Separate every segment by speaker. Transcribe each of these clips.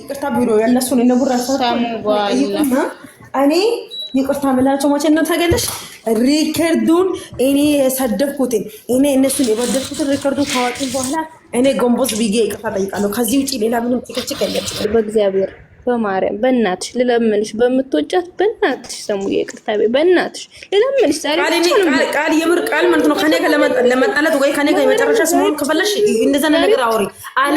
Speaker 1: ይቅርታ ቢሮ ያለሱን ነጉር
Speaker 2: ራሳቸውና
Speaker 1: እኔ ይቅርታ ምላቸው መቼ ነው ታገለሽ ሪከርዱን እኔ የሰደብኩትን እኔ እነሱን የበደልኩትን ሪከርዱን ካወጡን በኋላ እኔ ጎንቦስ ብዬ ይቅርታ ጠይቃለሁ። ከዚህ ውጭ ሌላ ምንም ጭቅጭቅ የለም።
Speaker 2: በእግዚአብሔር በማርያም በእናትሽ ልለምንሽ፣ በምትወጫት በእናትሽ ሰሙዬ፣ ይቅርታ በእናትሽ ልለምንሽ።
Speaker 1: ዛሬ ቃል የምር ቃል ማለት ነው። ከኔ ጋር ለመጣላት ወይ ከኔ ጋር የመጨረሻ ስሆን ከፈለሽ እንደዛ ነገር አውሪ። አንድ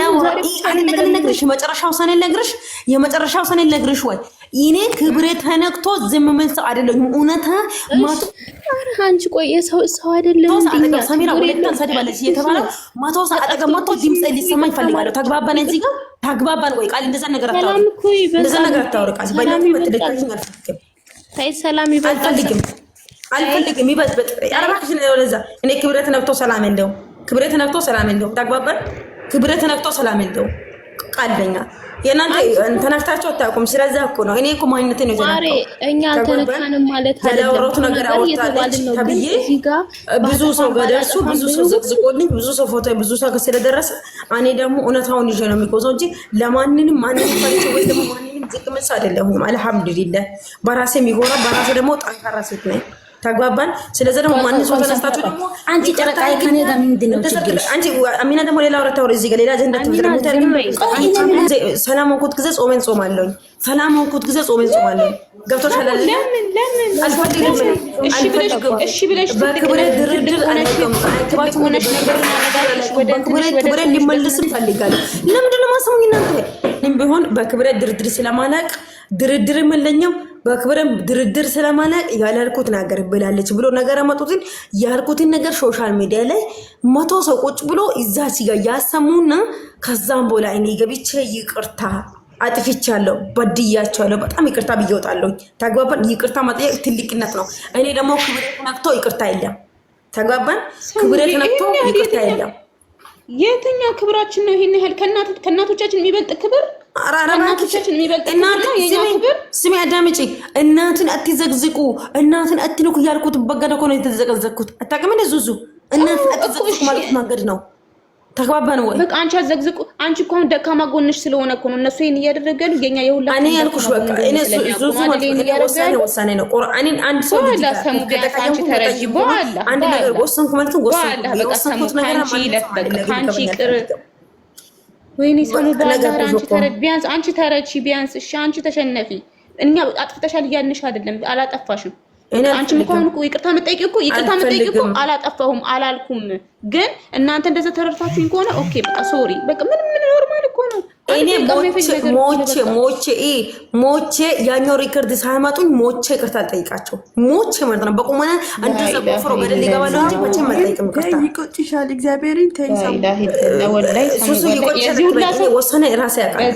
Speaker 1: የመጨረሻ ውሳኔ ልነግርሽ፣ የመጨረሻ ውሳኔ ልነግርሽ። ወይ እኔ ክብሬ ተነክቶ ዝም ምን ሰው አይደለሁም። እውነታ ማቶ
Speaker 2: አንቺ ቆይ የሰው ሰው አይደለም።
Speaker 1: ሰሚራ ሁለት ሰድባለች እየተባለ ማቶ ሰዓት አጠገብ መጥቶ ድምፅ ሊሰማኝ ፈልጋለሁ። ተግባባን እዚህ ጋር ታግባባል ወይ? ቃል እንደዛ ነገር አታወራም፣ ነገር አታወራም። አልፈልግም። ሰላም አልፈልግም፣ ይበልጥ
Speaker 2: እኔ ክብረት ነክቶ ሰላም የለውም፣ ክብረት ሰላም የለውም። ክብረት ነክቶ ሰላም የለውም። ቃለኛ የእናንተ ተነክታችሁ አታውቁም። ስለዛ እኮ ነው እኔ እኮ ማንነቴ ነው ዛሬ እኛ አልተነካንም ማለት ያላወራሁት ነገር አወርታለች ተብዬ ብዙ ሰው ገደርሱ ብዙ ሰው ዘቅዝቆልኝ ብዙ ሰው ፎቶ ብዙ ሰው ስለደረሰ እኔ ደግሞ እውነታውን ይዤ ነው የሚቆዘው እንጂ ለማንንም ማንንም ፈርቼ ወይ ደግሞ ማንንም ዝቅ መስ አይደለሁም። አልሐምዱሊላህ በራሴ የሚጎራ በራሴ ደግሞ ጠንካራ ሴት ነኝ። ተግባባን። ስለዚህ ደግሞ ማን ሰው ተነስታችሁ ደግሞ አንቺ ጨረቃ ከኔ ጋር ምንድን ነው ችግርሽ? አንቺ አሚና ደግሞ ሌላ ወረታ ወረ እዚህ ጋር ሌላ አጀንዳ ሰላም ወንኩት ጊዜ ጾመን ጾም ሰላም ወንኩት ጊዜ ጾመን ጾም አለኝ። ገብቶሻል? ለምን ለምን አልፈልግም። እሺ ብለሽ እሺ ብለሽ ድርድር ሆነሽ ነገር ወደ ሊመልስም ፈልጋለሁ። ማሰሙኝ እናንተ ቢሆን በክብረ ድርድር ስለማላቅ ድርድር የምለኛው በክብረም ድርድር ስለማለቅ ያልኩት ነገር ብላለች ብሎ ነገር መጡትን ያልኩትን ነገር ሶሻል ሚዲያ ላይ መቶ ሰው ቁጭ ብሎ እዛ ጋር ያሰሙና ከዛም በላ እኔ ገብቼ ይቅርታ አጥፍቻለሁ፣ በድያቸዋለሁ፣ በጣም ይቅርታ ብዬ እወጣለሁ። ተግባባን። ይቅርታ መጠየቅ ትልቅነት ነው። እኔ ደግሞ ክብሬ ተነክቶ ይቅርታ የለም። ተግባባን። ክብሬ ተነክቶ ይቅርታ የለም። የትኛው ክብራችን ነው? ይህን ያህል ከእናቶቻችን የሚበልጥ ክብር ስሜ አዳምጪ። እናትን አትዘግዝቁ፣ እናትን አትንኩ እያልኩት በገደ እኮ ነው የተዘቀዘቅኩት። አታውቅም እንደ ዙዙ እናትን አትዘግዝቁ ማለት መንገድ ነው። ተግባባን ወይ? በቃ አንቺ አዘግዝቁ። አንቺ እኮ አሁን ደካማ ጎንሽ ስለሆነ እኮ ነው እነሱ ይሄን እያደረገ የኛ የሁላ እኔ ያልኩሽ በቃ እኔ ዙዙ ወሳኔ ነው። ቁርአንን አንድ ሰው አንድ ነገር ወሰንኩ ማለት ነው። ወሰንኩት ነገር ማለት ነው። ወይኔ አንቺ ተረድ ቢያንስ አንቺ ተረቺ፣ ቢያንስ እሺ፣ አንቺ ተሸነፊ። እኛ አጥፍተሻል እያልንሽ አይደለም፣ አላጠፋሽም። አንቺ እንኳን እኮ ይቅርታ መጠየቅ እኮ ይቅርታ መጠየቅ እኮ አላጠፋሁም አላልኩም። ግን እናንተ እንደዛ ተረድታችሁኝ ከሆነ ኦኬ፣ በቃ ሶሪ፣ በቃ ምን ምን ኖርማል እኔ ሞቼ ሞቼ ሞቼ ያኛው ሪከርድ ሳይመጡኝ ሞቼ ይቅርታ አልጠይቃቸው ሞቼ ማለት ነው። በቁመና አንድ ሰው ቆፍሮ ገደል ይገባል እንጂ መቼ አልጠይቅም ይቅርታ። ይቆጭሻል፣ እግዚአብሔርን ተይዛ ሱሱ ይቆጭሻል። ወሰነ ራሴ ያውቃል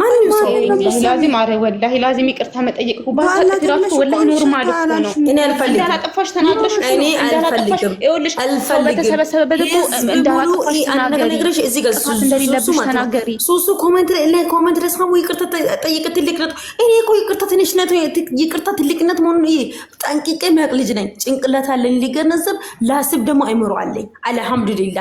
Speaker 2: ማንም ወላሂ ላዚም ይቅርታ መጠየቅ ኖርማል ላስብ ደግሞ አይምሮ አለኝ። አልሐምዱሊላ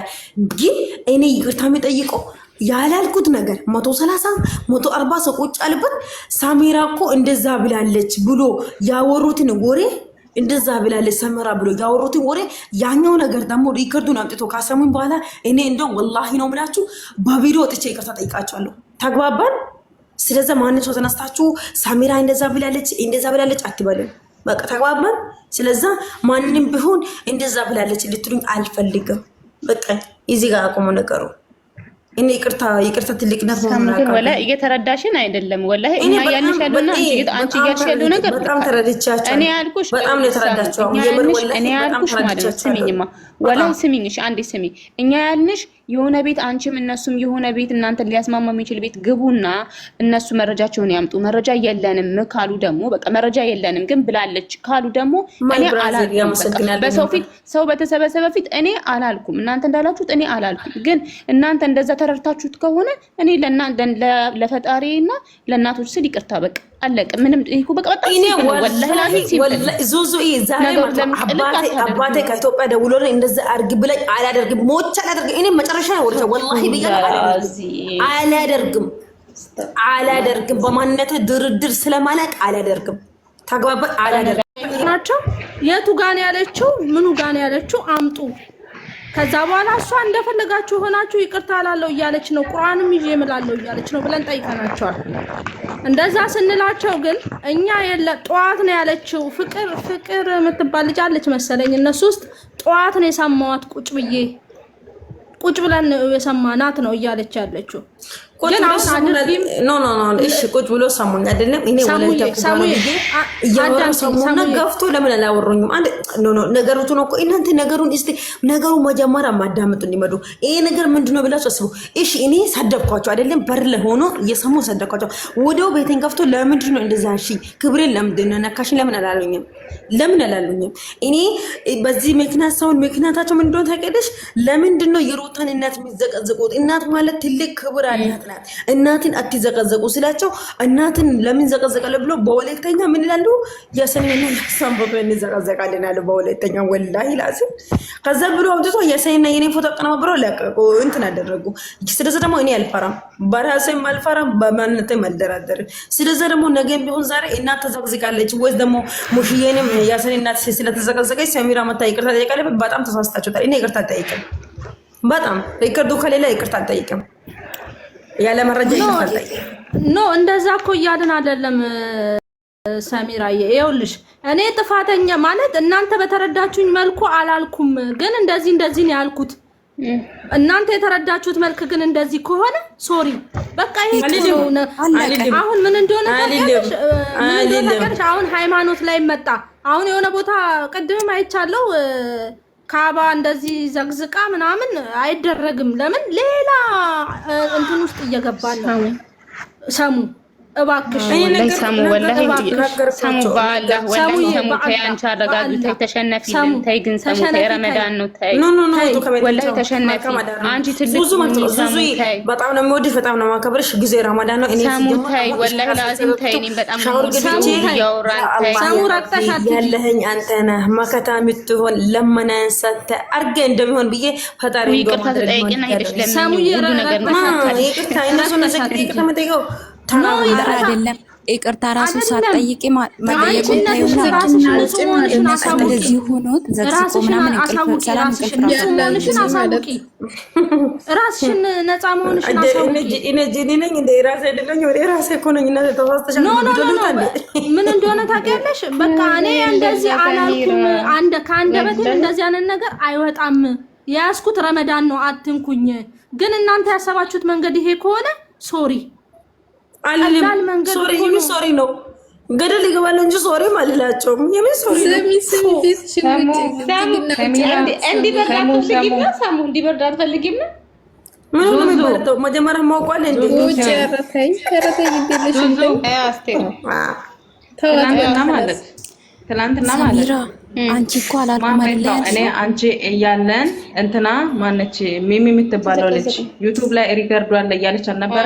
Speaker 2: ግን እኔ ይቅርታ የሚጠይቀው ያላልኩት ነገር መቶ ሰላሳ መቶ አርባ ሰው ቁጭ አለበት። ሳሜራ እኮ እንደዛ ብላለች ብሎ ያወሩትን ወሬ እንደዛ ብላለች ሰመራ ብሎ ያወሩትን ወሬ ያኛው ነገር ደግሞ ሪከርዱን አምጥቶ ካሰሙኝ በኋላ እኔ እንደው ወላሂ ነው ምላችሁ በቪዲዮ ወጥቼ ይቅርታ ጠይቃቸዋለሁ። ተግባባን። ስለዚ ሰው ተነስታችሁ ሳሜራ እንደዛ ብላለች እንደዛ ብላለች አትበልም። በቃ ተግባባን። ስለዛ ማንም ቢሆን እንደዛ ብላለች ልትሉኝ አልፈልግም። በቃ ይዚ ጋር አቁሙ ነገሩ። እኔ ይቅርታ ይቅርታ ትልቅነት እየተረዳሽን አይደለም። ወላሂ እኛ አንቺ እያልሽ ያለው ነገር በጣም ተረድቻቸው። እኔ ያልኩሽ በጣም ነው የተረዳቸው። እኔ ያልኩሽ ማለት ነው። ስሚኝማ ወላሂ ስሚኝ፣ እሺ አንዴ ስሚ፣ እኛ ያልንሽ የሆነ ቤት አንቺም እነሱም የሆነ ቤት እናንተ ሊያስማማ የሚችል ቤት ግቡና እነሱ መረጃቸውን ያምጡ። መረጃ የለንም ካሉ ደግሞ በቃ መረጃ የለንም ግን ብላለች ካሉ ደግሞ እኔ አላልኩም። በሰው ፊት ሰው በተሰበሰበ ፊት እኔ አላልኩም፣ እናንተ እንዳላችሁት እኔ አላልኩም። ግን እናንተ እንደዛ ተረድታችሁት ከሆነ እኔ ለፈጣሪና ለእናቶች ስል ይቅርታ በቃ አለቀ። ምንም ይሁ በቃ አባቴ ከኢትዮጵያ ደውሎ እንደዛ አድርግ ብለኝ አላደርግም፣ ሞቼ አላደርግም። እኔ መጨረሻ ወርቻ ወላሂ ብያለሁ፣ አላደርግም አላደርግም። በማንነት ድርድር ስለማለቅ አላደርግም ናቸው። የቱ ጋን ያለችው ምኑ ጋን ያለችው አምጡ ከዛ በኋላ እሷ እንደፈለጋችሁ ሆናችሁ ይቅርታ አላለው እያለች ነው፣ ቁርአንም ይዤ እምላለሁ እያለች ነው ብለን ጠይቀናቸዋል። እንደዛ ስንላቸው ግን እኛ የለ ጠዋት ነው ያለችው። ፍቅር ፍቅር የምትባል ልጅ አለች መሰለኝ እነሱ ውስጥ ጠዋት ነው የሰማዋት ቁጭ ብዬ ቁጭ ብለን የሰማናት ነው እያለች ያለችው ቁጭ ብሎ ሰሙኝ አይደለም። እኔ እያወሩ ሰሙና ገፍቶ ለምን አላወሩኝም? ነገሩትን እኮ እናንተ ነገሩን እስቲ ነገሩ መጀመሪያ ማዳመጡ እንዲመዱ ይሄ ነገር ምንድን ነው ብላችሁ አስቡ። እሺ እኔ ሳደብኳቸው አይደለም፣ በር ላይ ሆኖ እየሰሙ ሳደብኳቸው። ወዲያው ቤቴን ከፍቶ ለምንድን ነው እንደዛ እሺ፣ ክብሬን ለምንድን ነው ነካሽን? ለምን አላሉኝም? ለምን አላሉኝም? እኔ በዚህ ምክንያት ሰውን ምክንያታቸው ምንድን ነው ታውቂያለሽ? ለምንድን ነው የሩታን እናት የሚዘቀዝቁት? እናት ማለት ትልቅ ክብር አላት። ናት። እናትን አትዘቀዘቁ ስላቸው እናትን ለምን ዘቀዘቀለ ብሎ በወለተኛ ምን ይላሉ? የሰኔና የሳን ፎቶ እንዘቀዘቃለን ያለ በወለተኛ ወላ ላስም ከዛ ብሎ አውጥቶ የሰኔና የኔ ፎቶ አቀነባብሮ ለቀቁ። እንትን አደረጉ። ስለዚ ደግሞ እኔ አልፈራም፣ በራሴም አልፈራም፣ በማንነት አልደራደርም። ስለዚ ደግሞ ነገ ቢሆን ዛሬ እናት ተዘቅዝቃለች ወይስ ደግሞ ሙሽዬንም የሰኔ እናት ስለተዘቀዘቀች ሰሚራ መታ ይቅርታ ጠይቃለ። በጣም ተሳስታችሁታል። እኔ ይቅርታ አልጠይቅም። በጣም ሪከርዱ ከሌላ ይቅርታ አልጠይቅም። ያለ መረጃ ኖ እንደዛ እኮ እያልን አይደለም ሰሚራዬ። ይኸውልሽ እኔ ጥፋተኛ ማለት እናንተ በተረዳችሁኝ መልኩ አላልኩም፣ ግን እንደዚህ እንደዚህ ነው ያልኩት። እናንተ የተረዳችሁት መልክ ግን እንደዚህ ከሆነ ሶሪ በቃ ይሄ አሁን ምን እንደሆነ አሁን ሃይማኖት ላይ መጣ። አሁን የሆነ ቦታ ቅድምም አይቻለው ካባ እንደዚህ ዘግዝቃ ምናምን አይደረግም። ለምን ሌላ እንትን ውስጥ እየገባን ነው። ሰሙ እባክሽ ወላሂ ፈጣሪ ይቅርታ ተጠይቅና ሄደሽ ለምን ነገር ነው ይቅርታ እነሱ ነሰ ይቅርታ መጠይቀው አይደለም ይቅርታ ራሱ ሳትጠይቂ ምን እንደሆነ ታውቂያለሽ። በቃ እኔ እንደዚህ አላልኩም። ከአንደበት እንደዚህ አይነት ነገር አይወጣም። የያዝኩት ረመዳን ነው አትንኩኝ። ግን እናንተ ያሰባችሁት መንገድ ይሄ ከሆነ ሶሪ አልልም። ሶሪ ነው ገደል ይገባል እንጂ ሶሪም አልላቸውም። የምን ሶሪ ነው? እንዲበርዳት ፈልጊም ነው መጀመሪያ ማውቋል እንዴ? ማለት አንቺ እኮ እኔ አንቺ እያለን እንትና ማነች ሚሚ የምትባለው ልጅ ዩቱብ ላይ ሪከርዷ እያለች አልነበረ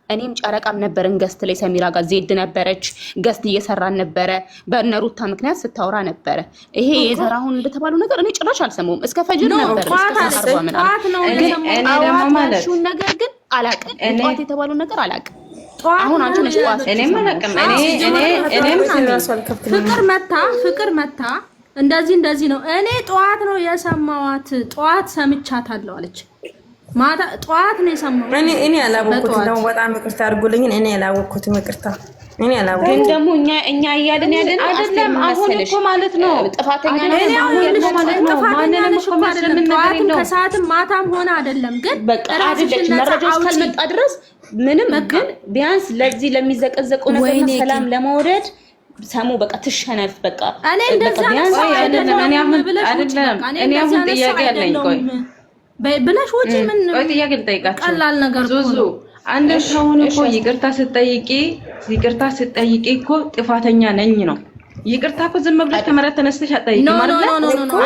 Speaker 2: እኔም ጨረቃም ነበርን ገስት ላይ ሰሚራ ጋር ዜድ ነበረች። ገስት እየሰራን ነበረ። በነሩታ ምክንያት ስታወራ ነበረ። ይሄ የዘር አሁን እንደተባለው ነገር እኔ ጭራሽ አልሰማሁም። እስከ ፈጅር ነበር ምናምን ነገር ግን አላቅም። ጠዋት የተባለው ነገር አላቅም። አሁን አንቺ ነሽ ጠዋት ፍቅር መታ ፍቅር መታ እንደዚህ እንደዚህ ነው። እኔ ጠዋት ነው የሰማዋት ጠዋት ሰምቻታለሁ አለች ማታ ጠዋት ነው የሰማሁት። እኔ እኔ አላወቅኩትም ደግሞ በጣም ይቅርታ አድርጉልኝ። እኔ አላወቅኩትም ይቅርታ። እኔ አላወቅኩትም ግን ደግሞ እኛ እኛ እያልን ያለን አይደለም። አሁን እኮ ማለት ነው ጥፋተኛ ነው ማንንም እኮ ጠዋትም ከሰዓትም ማታም ሆነ አይደለም። ግን በቃ አይደለች ድረስ ምንም ግን ቢያንስ ለዚህ ነገር ሰላም ሰሙ በቃ ትሸነፍ። በቃ እኔ እንደዛ አይደለም። እኔ አሁን ጥያቄ አለኝ። ቆይ ብለሽ ወጪ ምን ጥያቄ ልጠይቃቸው። ቀላል ነገር ዙዙ አንድ ሰውን እኮ ይቅርታ ስጠይቂ ይቅርታ ስጠይቂ እኮ ጥፋተኛ ነኝ ነው። ይቅርታ እኮ ዝም ብለሽ ከመሬት ተነስተሽ አጠይቂ ማለት ነው።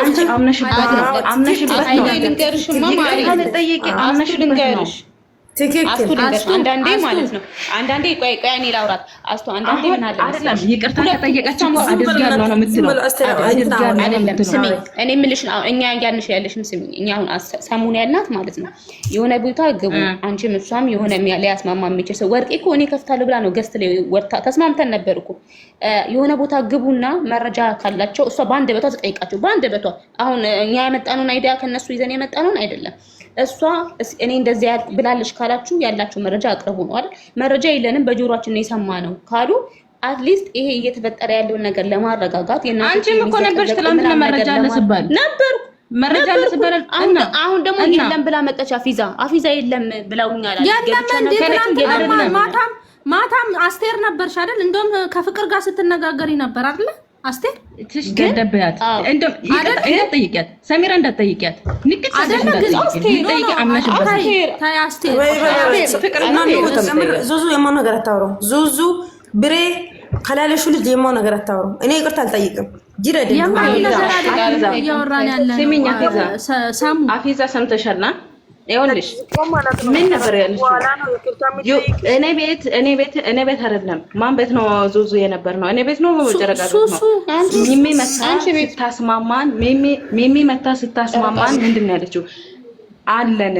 Speaker 2: አንቺ አምነሽበት ነው። አምነሽበት ነው። ይቅርታ ልጠይቂ አምነሽበት ነው። ትክክል አንዳንዴ ማለት ነው። አንዳንዴ ቆይ ቆይ እኔ ላውራት አስቶ አንዳንዴ ምን አለ አይደለም፣ ይቅርታ ከጠየቀችው አድርጋለሁ ነው የምትለው። አይደለም ስሚ፣ እኔ የምልሽን እኛ ያንሽ ያለሽን ስሚ። እኛ አሁን ሰሞኑን ያልናት ማለት ነው የሆነ ቦታ ግቡ፣ አንቺም እሷም የሆነ ሊያስማማ የሚችል ሰው ወርቄ እኮ እኔ ከፍታለሁ ብላ ነው ገስት ላይ ወርታ ተስማምተን ነበር እኮ። የሆነ ቦታ ግቡና መረጃ ካላቸው እሷ በአንድ በቷ ተጠይቃቸው፣ በአንድ በቷ አሁን እኛ የመጣነውን አይዲያ ከነሱ ይዘን የመጣነውን አይደለም እሷ እኔ እንደዚያ ብላለች ካላችሁ ያላችሁ መረጃ አቅርቡ ነው አይደል? መረጃ የለንም በጆሯችን የሰማ ነው ካሉ አትሊስት ይሄ እየተፈጠረ ያለውን ነገር ለማረጋጋት አንቺም እኮ ነበርሽ ትላንትና መረጃ ለስባል ነበር መረጃ ለስበረል አሁን ደግሞ የለም ብላ መጠች አፊዛ አፊዛ የለም ብላውኛል። የለም እንዴ ትናንትና ማታም ማታም አስቴር ነበርሽ አይደል? እንደውም ከፍቅር ጋር ስትነጋገሪ ነበር አይደል? አስቴር ትሽ ገደብያት እንዳትጠይቂያት፣ ሰሚራ እንዳትጠይቂያት፣ ዙዙ የማን ነገር አታውረው። ዙዙ ብሬ ከላለሹ ልጅ የማን ነገር አታውረው። እኔ ይቅርታ አልጠይቅም። ጅረድ ያለ አፌዛ ሰምተሻልና ይኸውልሽ ምን ነበር ያለችው እኔ ቤት እኔ ቤት እኔ ቤት አይደለም። ማን ቤት ነው? ዙዙ የነበር ነው። እኔ ቤት ነው። ጨረቃ ቤት ነው። ሚሚ መታ ስታስማማን ሚሚ መታ ስታስማማን ምንድን ነው ያለችው? አለን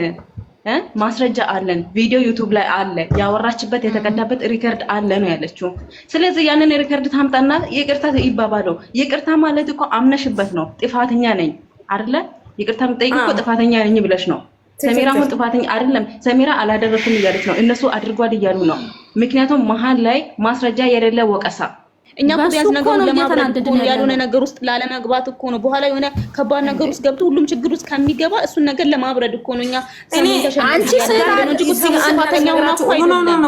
Speaker 2: ማስረጃ አለን። ቪዲዮ ዩቱብ ላይ አለ። ያወራችበት የተቀዳበት ሪከርድ አለ ነው ያለችው። ስለዚህ ያንን ሪከርድ ታምጣና ይቅርታ ይባባሉ። ይቅርታ ማለት እኮ አምነሽበት ነው ጥፋተኛ ነኝ አይደለ? ይቅርታ የምጠይቅ እኮ ጥፋተኛ ነኝ ብለሽ ነው ሰሜራ አሁን ጥፋተኛ አይደለም። ሰሜራ አላደረኩም እያለች ነው። እነሱ አድርጓል እያሉ ነው። ምክንያቱም መሀል ላይ ማስረጃ የሌለ ወቀሳ እኛ እኮ ያዝነገሩ ለማብረድ ያልሆነ ነገር ውስጥ ላለመግባት እኮ ነው። በኋላ የሆነ ከባድ ነገር ውስጥ ገብቶ ሁሉም ችግር ውስጥ ከሚገባ እሱን ነገር ለማብረድ እኮ ነው። እኛ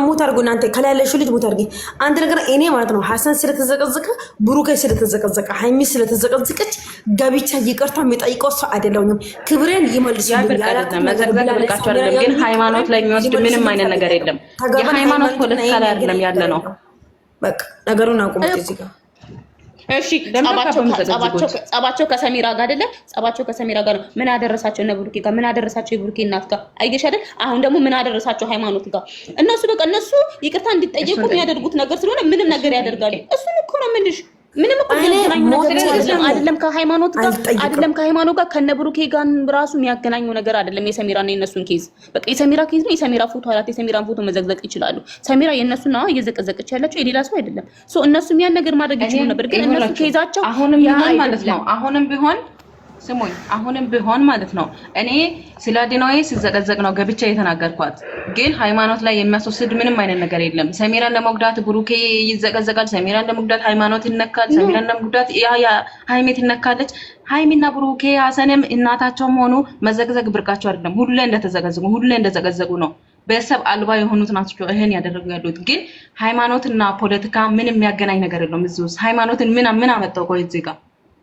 Speaker 2: ሙታርጉ እናንተ ከላይ ያለሽው ልጅ ሙታርጊ አንድ ነገር እኔ ማለት ነው ሀሰን ስለተዘቀዘቀ ብሩከይ ስለተዘቀዘቀ ሀይሚ ስለተዘቀዘቀች ጋብቻ ይቅርታ የሚጠይቀው ሰው አይደለሁም። ክብሬን ይመልሱልኛል። ግን ሃይማኖት ላይ የሚወስድ ምንም አይነት ነገር የለም። የሃይማኖት ፖለቲካ ላይ አይደለም ያለ ነው በቃ ነገሩን አቁም እዚህ ጋር እሺ ጸባቸው ከሰሚራ ጋር አይደለ? ጸባቸው ከሰሚራ ጋር ነው። ምን አደረሳቸው እነ ብሩኬ ጋር? ምን አደረሳቸው የብሩኬ እናት ጋር? አየሽ አይደል? አሁን ደግሞ ምን አደረሳቸው ሃይማኖት ጋር? እነሱ በቃ እነሱ ይቅርታ እንዲጠየቁ የሚያደርጉት ነገር ስለሆነ ምንም ነገር ያደርጋል እሱን እኮ ነው የምልሽ። ምንም እኮ ነገር አይደለም ከሃይማኖት ጋር አይደለም ከሃይማኖት ጋር ከነብሩኬ ጋር ራሱ የሚያገናኙ ነገር አይደለም። የሰሚራ ነው የነሱን ኬዝ በቃ የሰሚራ ኬዝ ነው። የሰሚራ ፎቶ አላት። የሰሚራን ፎቶ መዘግዘቅ ይችላሉ። ሰሚራ የነሱን ነው እየዘቀዘቀች ያለችው የሌላ ሰው አይደለም። ሶ እነሱ ያን ነገር ማድረግ ይችሉ ነበር፣ ግን እነሱ ኬዛቸው አሁንም ቢሆን ማለት ነው አሁንም ቢሆን ስሙኝ አሁንም ቢሆን ማለት ነው እኔ ስለ አዲናዊ ሲዘቀዘቅ ነው ገብቻ የተናገርኳት። ግን ሃይማኖት ላይ የሚያስወስድ ምንም አይነት ነገር የለም። ሰሚራን ለመጉዳት ብሩኬ ይዘቀዘቃል። ሰሚራን ለመጉዳት ሃይማኖት ይነካል። ሰሚራን ለመጉዳት ሀይሜ ትነካለች። ሀይሚና ብሩኬ ሀሰንም እናታቸውም ሆኑ መዘቅዘቅ ብርቃቸው አይደለም። ሁሌ እንደተዘቀዘቁ ሁሌ እንደዘቀዘቁ ነው። በሰብ አልባ የሆኑት ናቸው ይህን ያደረጉ ያሉት። ግን ሃይማኖትና ፖለቲካ ምንም የሚያገናኝ ነገር የለም። እዚህ ውስጥ ሃይማኖትን ምን ምን አመጣው ቆይ እዚህ ጋር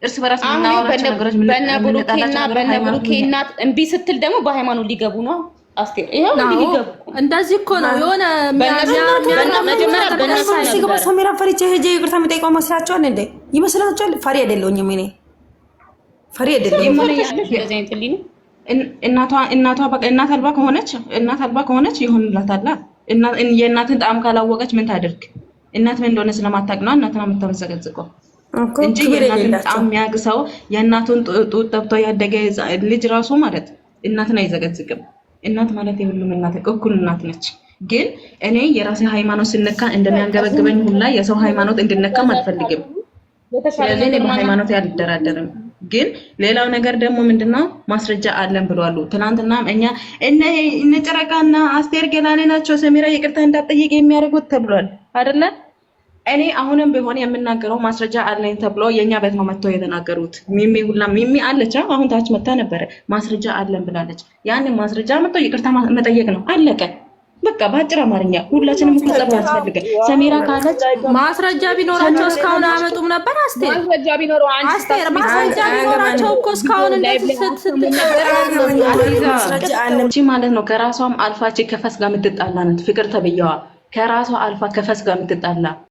Speaker 2: እርስ በራስ ምናወራቸው ነገሮች በነ ብሩኬና በነ ብሩኬ እናት እምቢ ስትል ደግሞ በሃይማኖት ሊገቡ ነው። አስቴር ይሄው ሊገቡ እንደዚህ እኮ ነው የሆነ ሲገባ ሰሜራን ፈሪቼ ሄጄ ይቅርታ የምጠይቀው መስላቸዋል እንዴ ይመስላቸዋል። ፈሪ አይደለሁኝም እኔ ፈሪ አይደለሁም። እናቷ እናቷ በቃ እናት አልባ ከሆነች እናት አልባ ከሆነች ይሆንላታል። የእናትን ጣዕም ካላወቀች ምን ታደርግ? እናት ምን እንደሆነ ስለማታውቅ ነው እናትን የምታመሰገዝቀው። እንጂ የእናትን የእናቱን ጡት ጠብቶ ያደገ ልጅ ራሱ ማለት እናትን አይዘገዝግም። እናት ማለት የሁሉም እናት እኩል እናት ነች። ግን እኔ የራሴ ሃይማኖት ስነካ እንደሚያንገበግበኝ ሁላ የሰው ሃይማኖት እንድነካም አልፈልግም። ስለዚህ እኔ በሃይማኖት አልደራደርም። ግን ሌላው ነገር ደግሞ ምንድነው ማስረጃ አለን ብሏሉ። ትናንትና እኛ እነ ጨረቃና አስቴር ገላኔ ናቸው ሰሜራ ይቅርታ እንዳትጠይቅ የሚያደርጉት ተብሏል አይደለ? እኔ አሁንም ቢሆን የምናገረው ማስረጃ አለኝ ተብሎ የእኛ ቤት ነው መጥተው የተናገሩት። ሚሚ ሁላ ሚሚ አለች፣ አሁን ታች መታ ነበረ ማስረጃ አለን ብላለች። ያን ማስረጃ መጥተው ይቅርታ መጠየቅ ነው አለቀ። በቃ በአጭር አማርኛ ሁላችንም ጸብ ያስፈልገን። ሰሜራ ካለች ማስረጃ ቢኖራቸው እስካሁን አያመጡም ነበር። አስቴር ማስረጃ ቢኖራቸው እኮ እስካሁን ስትጨበራለች ማለት ነው። ከራሷም አልፋች ከፈስ ጋር የምትጣላ ናት ፍቅር ተብያዋ ከራሷ አልፋ ከፈስ ጋር የምትጣላ